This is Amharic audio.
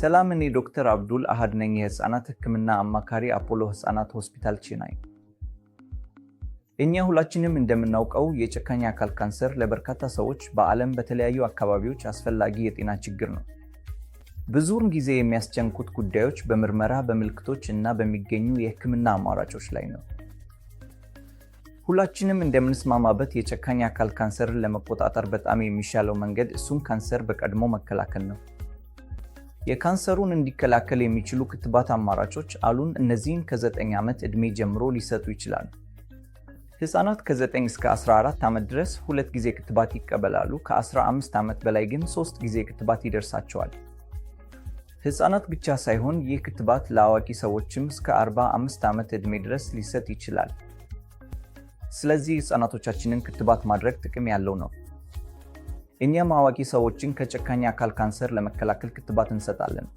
ሰላም፣ እኔ ዶክተር አብዱል አሃድ ነኝ፣ የህፃናት ህክምና አማካሪ አፖሎ ህፃናት ሆስፒታል ቼናይ። እኛ ሁላችንም እንደምናውቀው የጨካኝ አካል ካንሰር ለበርካታ ሰዎች በዓለም በተለያዩ አካባቢዎች አስፈላጊ የጤና ችግር ነው። ብዙውን ጊዜ የሚያስጨንቁት ጉዳዮች በምርመራ በምልክቶች እና በሚገኙ የህክምና አማራጮች ላይ ነው። ሁላችንም እንደምንስማማበት የጨካኝ አካል ካንሰርን ለመቆጣጠር በጣም የሚሻለው መንገድ እሱም ካንሰር በቀድሞ መከላከል ነው። የካንሰሩን እንዲከላከል የሚችሉ ክትባት አማራጮች አሉን። እነዚህን ከ9 ዓመት ዕድሜ ጀምሮ ሊሰጡ ይችላሉ። ህፃናት ከ9 እስከ 14 ዓመት ድረስ ሁለት ጊዜ ክትባት ይቀበላሉ። ከ15 ዓመት በላይ ግን ሶስት ጊዜ ክትባት ይደርሳቸዋል። ህፃናት ብቻ ሳይሆን ይህ ክትባት ለአዋቂ ሰዎችም እስከ 45 ዓመት ዕድሜ ድረስ ሊሰጥ ይችላል። ስለዚህ ህፃናቶቻችንን ክትባት ማድረግ ጥቅም ያለው ነው። እኛም አዋቂ ሰዎችን ከጨካኝ አካል ካንሰር ለመከላከል ክትባት እንሰጣለን።